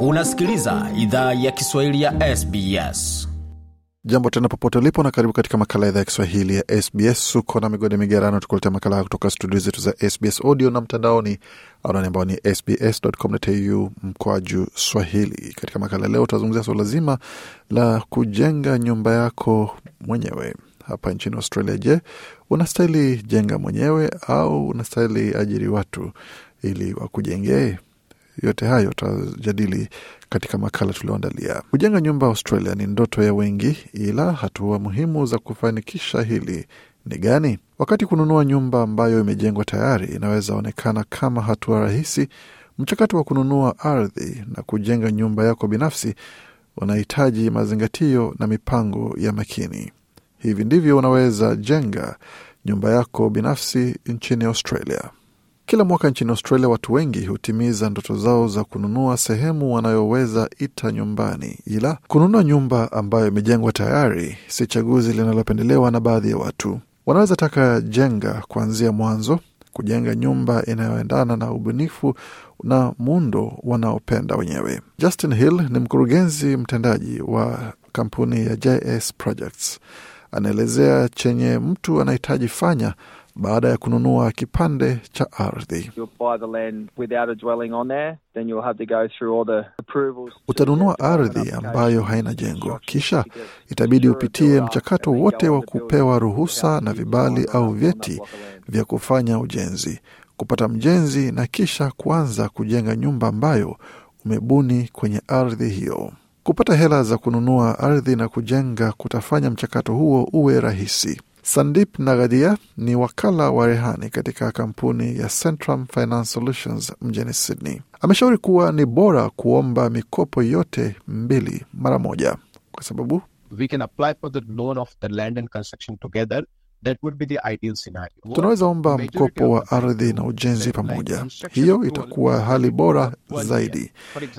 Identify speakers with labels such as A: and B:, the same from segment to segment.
A: Unasikiliza idhaa ya Kiswahili ya SBS.
B: Jambo tena popote ulipo na karibu katika makala ya idhaa ya Kiswahili ya SBS. Uko na migode migerano, tukuletea makala kutoka studio zetu za SBS audio na mtandaoni, anani ambao ni sbs.com.au mkwaju swahili. Katika makala leo utazungumzia suala zima la kujenga nyumba yako mwenyewe hapa nchini Australia. Je, unastahili jenga mwenyewe au unastahili ajiri watu ili wakujengee? Yote hayo tutajadili katika makala tulioandalia. Kujenga nyumba Australia ni ndoto ya wengi, ila hatua muhimu za kufanikisha hili ni gani? Wakati kununua nyumba ambayo imejengwa tayari inaweza onekana kama hatua rahisi, mchakato wa kununua ardhi na kujenga nyumba yako binafsi unahitaji mazingatio na mipango ya makini. Hivi ndivyo unaweza jenga nyumba yako binafsi nchini Australia. Kila mwaka nchini Australia watu wengi hutimiza ndoto zao za kununua sehemu wanayoweza ita nyumbani, ila kununua nyumba ambayo imejengwa tayari si chaguzi linalopendelewa na baadhi ya watu. Wanaweza taka jenga kuanzia mwanzo, kujenga nyumba inayoendana na ubunifu na muundo wanaopenda wenyewe. Justin Hill ni mkurugenzi mtendaji wa kampuni ya JS Projects, anaelezea chenye mtu anahitaji fanya baada ya kununua kipande cha ardhi. Utanunua ardhi ambayo haina jengo, kisha itabidi upitie mchakato wote wa kupewa ruhusa na vibali au vyeti vya kufanya ujenzi, kupata mjenzi na kisha kuanza kujenga nyumba ambayo umebuni kwenye ardhi hiyo. Kupata hela za kununua ardhi na kujenga kutafanya mchakato huo uwe rahisi. Sandip Nagadia ni wakala wa rehani katika kampuni ya Centrum Finance Solutions mjini Sydney. Ameshauri kuwa ni bora kuomba mikopo yote mbili mara moja kwa sababu
A: we can apply for the loan of the land and construction together Tunaweza
B: omba mkopo wa ardhi na ujenzi pamoja, hiyo itakuwa hali bora zaidi.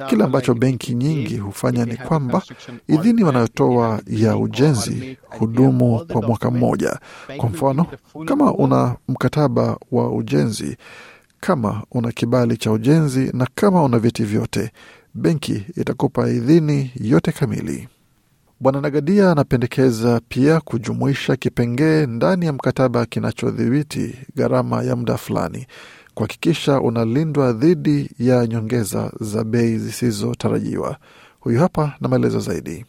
B: Kile ambacho benki nyingi hufanya ni kwamba idhini wanayotoa ya ujenzi hudumu kwa mwaka mmoja. Kwa mfano, kama una mkataba wa ujenzi, kama una kibali cha ujenzi na kama una vyeti vyote, benki itakupa idhini yote kamili. Bwana Nagadia anapendekeza pia kujumuisha kipengee ndani ya mkataba kinachodhibiti gharama ya muda fulani kuhakikisha unalindwa dhidi ya nyongeza za bei zisizotarajiwa. Huyu hapa na maelezo zaidi.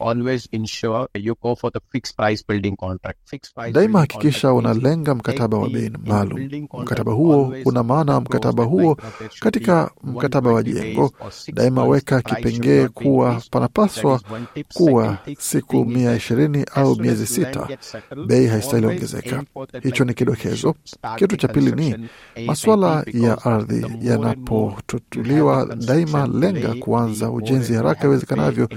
B: daima hakikisha unalenga mkataba wa bei maalum. Mkataba huo una maana mkataba huo katika mkataba wa jengo, daima weka kipengee kuwa panapaswa kuwa siku mia ishirini au miezi sita. Bei haistahili ongezeka. Hicho ni kidokezo. Kitu cha pili ni masuala ya ardhi yanapotutuliwa, daima lenga kuanza ujenzi haraka iwezekanavyo navyo,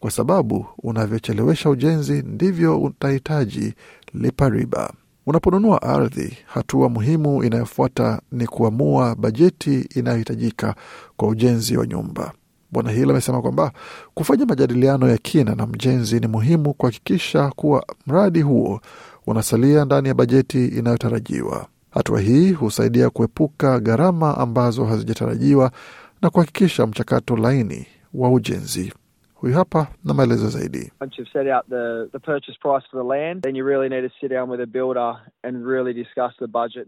B: kwa sababu unavyochelewesha ujenzi ndivyo utahitaji lipa riba. Unaponunua ardhi, hatua muhimu inayofuata ni kuamua bajeti inayohitajika kwa ujenzi wa nyumba. Bwana Hill amesema kwamba kufanya majadiliano ya kina na mjenzi ni muhimu kuhakikisha kuwa mradi huo unasalia ndani ya bajeti inayotarajiwa. Hatua hii husaidia kuepuka gharama ambazo hazijatarajiwa na kuhakikisha mchakato laini wa ujenzi. Huyu hapa na maelezo zaidi.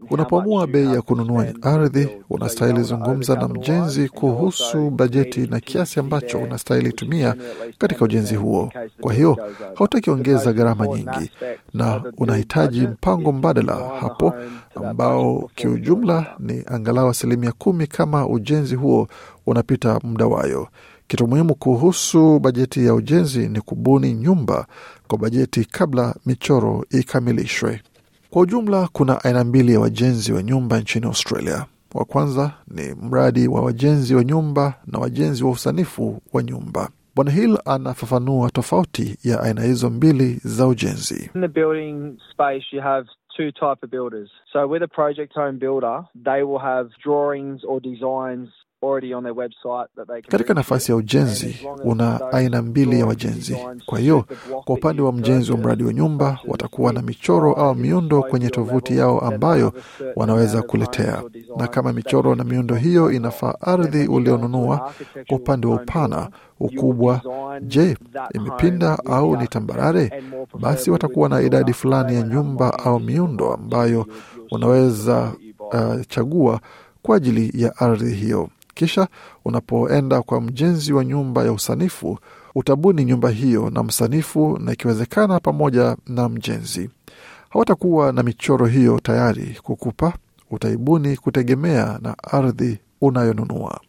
B: Unapoamua bei ya kununua ardhi, unastahili zungumza na mjenzi kuhusu bajeti na kiasi ambacho unastahili tumia katika ujenzi huo. Kwa hiyo hautaki ongeza gharama nyingi, na unahitaji mpango mbadala hapo ambao kiujumla ni angalau asilimia kumi kama ujenzi huo unapita muda wayo. Kitu muhimu kuhusu bajeti ya ujenzi ni kubuni nyumba kwa bajeti kabla michoro ikamilishwe. Kwa ujumla, kuna aina mbili ya wajenzi wa nyumba nchini Australia. Wa kwanza ni mradi wa wajenzi wa nyumba na wajenzi wa usanifu wa nyumba. Bwana Hill anafafanua tofauti ya aina hizo mbili za ujenzi.
A: two type of builders. So with a project home builder, they will have drawings or designs
B: katika nafasi ya ujenzi una aina mbili ya wajenzi. Kwa hiyo kwa upande wa mjenzi wa mradi wa nyumba watakuwa na michoro au miundo kwenye tovuti yao ambayo wanaweza kuletea, na kama michoro na miundo hiyo inafaa ardhi ulionunua kwa upande wa upana, ukubwa, je, imepinda au ni tambarare, basi watakuwa na idadi fulani ya nyumba au miundo ambayo unaweza uh, chagua kwa ajili ya ardhi hiyo. Kisha unapoenda kwa mjenzi wa nyumba ya usanifu, utabuni nyumba hiyo na msanifu, na ikiwezekana pamoja na mjenzi. Hawatakuwa na michoro hiyo tayari kukupa, utaibuni kutegemea na ardhi unayonunua.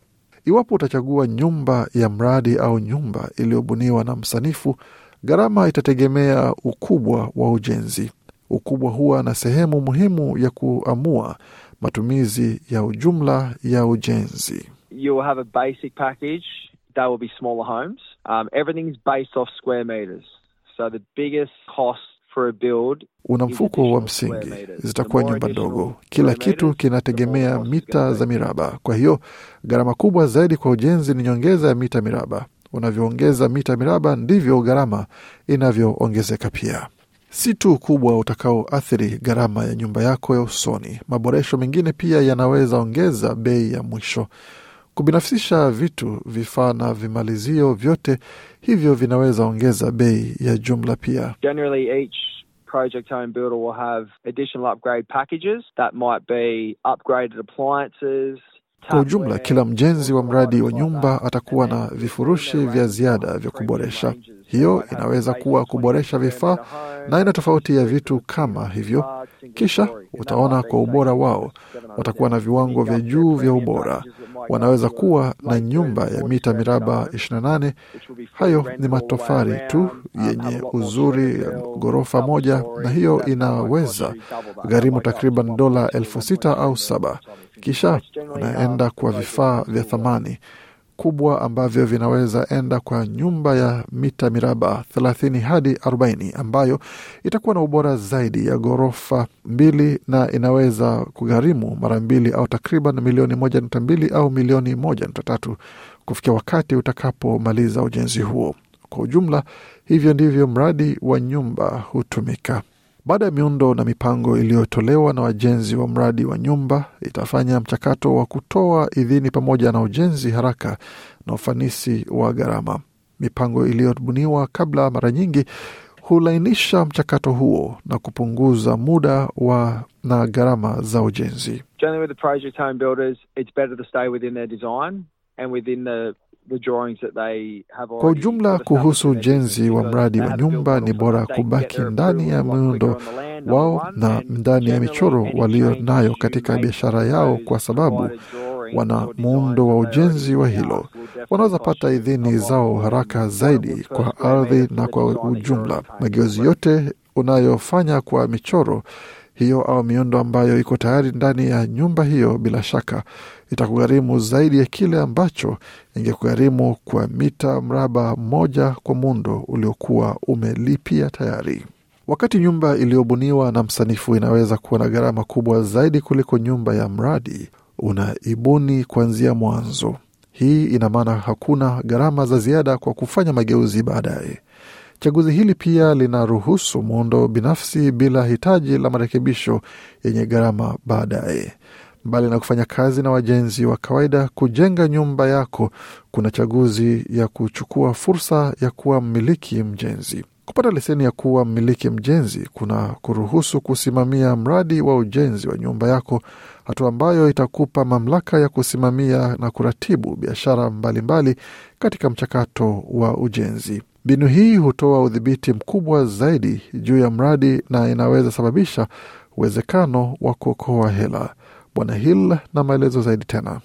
B: Iwapo utachagua nyumba ya mradi au nyumba iliyobuniwa na msanifu, gharama itategemea ukubwa wa ujenzi. Ukubwa huwa na sehemu muhimu ya kuamua matumizi ya ujumla ya ujenzi
A: you'll have a basic package. that will be smaller homes. Um, everything's based off square meters. So the biggest cost
B: Una mfuko wa msingi, zitakuwa nyumba ndogo. Kila kitu kinategemea mita za miraba, kwa hiyo gharama kubwa zaidi kwa ujenzi ni nyongeza ya mita miraba. Unavyoongeza mita miraba, ndivyo gharama inavyoongezeka pia. Si tu kubwa utakaoathiri gharama ya nyumba yako ya usoni, maboresho mengine pia yanaweza ongeza bei ya mwisho kubinafsisha vitu, vifaa na vimalizio vyote hivyo vinaweza ongeza bei ya jumla pia.
A: Generally each project home builder will have additional upgrade packages that might be upgraded appliances
B: kwa ujumla, kila mjenzi wa mradi wa nyumba atakuwa na vifurushi vya ziada vya kuboresha. Hiyo inaweza kuwa kuboresha vifaa na aina tofauti ya vitu kama hivyo. Kisha utaona kwa ubora wao, watakuwa na viwango vya juu vya ubora wanaweza kuwa na nyumba ya mita uh, miraba 28. Hayo ni matofali tu um, yenye uzuri ya ghorofa moja, na hiyo inaweza gharimu takriban dola elfu sita au saba. Kisha unaenda kwa vifaa vya thamani kubwa ambavyo vinaweza enda kwa nyumba ya mita miraba 30 hadi 40 ambayo itakuwa na ubora zaidi ya ghorofa mbili na inaweza kugharimu mara mbili au takriban milioni moja au milioni moja kufikia wakati utakapomaliza ujenzi huo. Kwa ujumla, hivyo ndivyo mradi wa nyumba hutumika. Baada ya miundo na mipango iliyotolewa na wajenzi wa mradi wa nyumba itafanya mchakato wa kutoa idhini pamoja na ujenzi haraka na ufanisi wa gharama. Mipango iliyobuniwa kabla mara nyingi hulainisha mchakato huo na kupunguza muda wa na gharama za ujenzi. Kwa ujumla, kuhusu ujenzi wa mradi wa nyumba, ni bora kubaki ndani ya muundo wao na ndani ya michoro walio nayo katika biashara yao, kwa sababu wana muundo wa ujenzi wa hilo. Wanaweza pata idhini zao haraka zaidi kwa ardhi na kwa ujumla. Mageuzi yote unayofanya kwa michoro hiyo au miundo ambayo iko tayari ndani ya nyumba hiyo, bila shaka itakugharimu zaidi ya kile ambacho ingekugharimu kwa mita mraba moja kwa muundo uliokuwa umelipia tayari. Wakati nyumba iliyobuniwa na msanifu inaweza kuwa na gharama kubwa zaidi kuliko nyumba ya mradi unaibuni kuanzia mwanzo. Hii ina maana hakuna gharama za ziada kwa kufanya mageuzi baadaye. Chaguzi hili pia linaruhusu muundo binafsi bila hitaji la marekebisho yenye gharama baadaye. Mbali na kufanya kazi na wajenzi wa kawaida kujenga nyumba yako, kuna chaguzi ya kuchukua fursa ya kuwa mmiliki mjenzi. Kupata leseni ya kuwa mmiliki mjenzi kuna kuruhusu kusimamia mradi wa ujenzi wa nyumba yako, hatua ambayo itakupa mamlaka ya kusimamia na kuratibu biashara mbalimbali katika mchakato wa ujenzi. Mbinu hii hutoa udhibiti mkubwa zaidi juu ya mradi na inaweza sababisha uwezekano wa kuokoa hela. Bwana Hill na maelezo zaidi tena.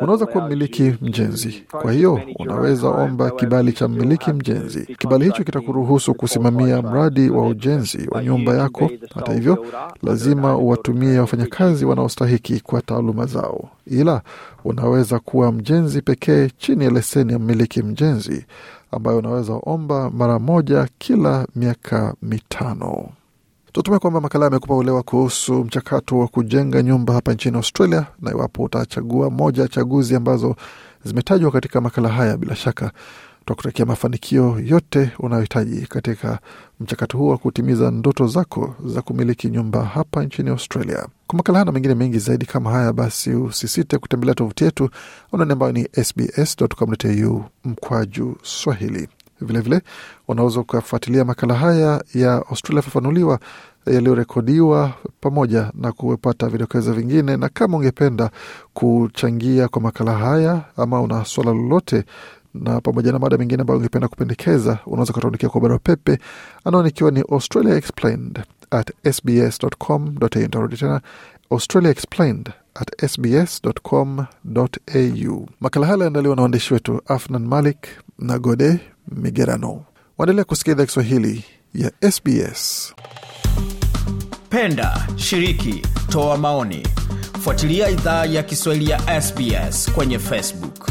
B: Unaweza kuwa mmiliki mjenzi, kwa hiyo unaweza omba kibali cha mmiliki mjenzi. Kibali hicho kitakuruhusu kusimamia mradi wa ujenzi wa nyumba yako. Hata hivyo, lazima uwatumie wafanyakazi wanaostahiki kwa taaluma zao, ila unaweza kuwa mjenzi pekee chini ya leseni ya mmiliki mjenzi ambayo unaweza omba mara moja kila miaka mitano. Tutume kwamba makala yamekupa uelewa kuhusu mchakato wa kujenga nyumba hapa nchini Australia, na iwapo utachagua moja ya chaguzi ambazo zimetajwa katika makala haya, bila shaka twakutakia mafanikio yote unayohitaji katika mchakato huu wa kutimiza ndoto zako za kumiliki nyumba hapa nchini Australia. Kwa makala haya na mengine mengi zaidi kama haya, basi usisite kutembelea tovuti yetu anaoni ambayo ni sbs.com.au mkwaju Swahili. Vilevile unaweza ukafuatilia makala haya ya Australia Fafanuliwa eh, yaliyorekodiwa pamoja na kupata vidokezo vingine. Na kama ungependa kuchangia kwa makala haya ama una swala lolote na pamoja na mada mengine ambayo ungependa kupendekeza, unaweza ukatuandikia kwa barua pepe anaonikiwa ni Australia Explained at sbs.com.au. Tarudi tena Australia Explained at sbs.com.au. Makala haya aliandaliwa na waandishi wetu Afnan Malik na Gode Migerano. Waendelea kusikia idhaa Kiswahili ya SBS.
A: Penda, shiriki, toa maoni, fuatilia idhaa ya Kiswahili ya SBS kwenye Facebook.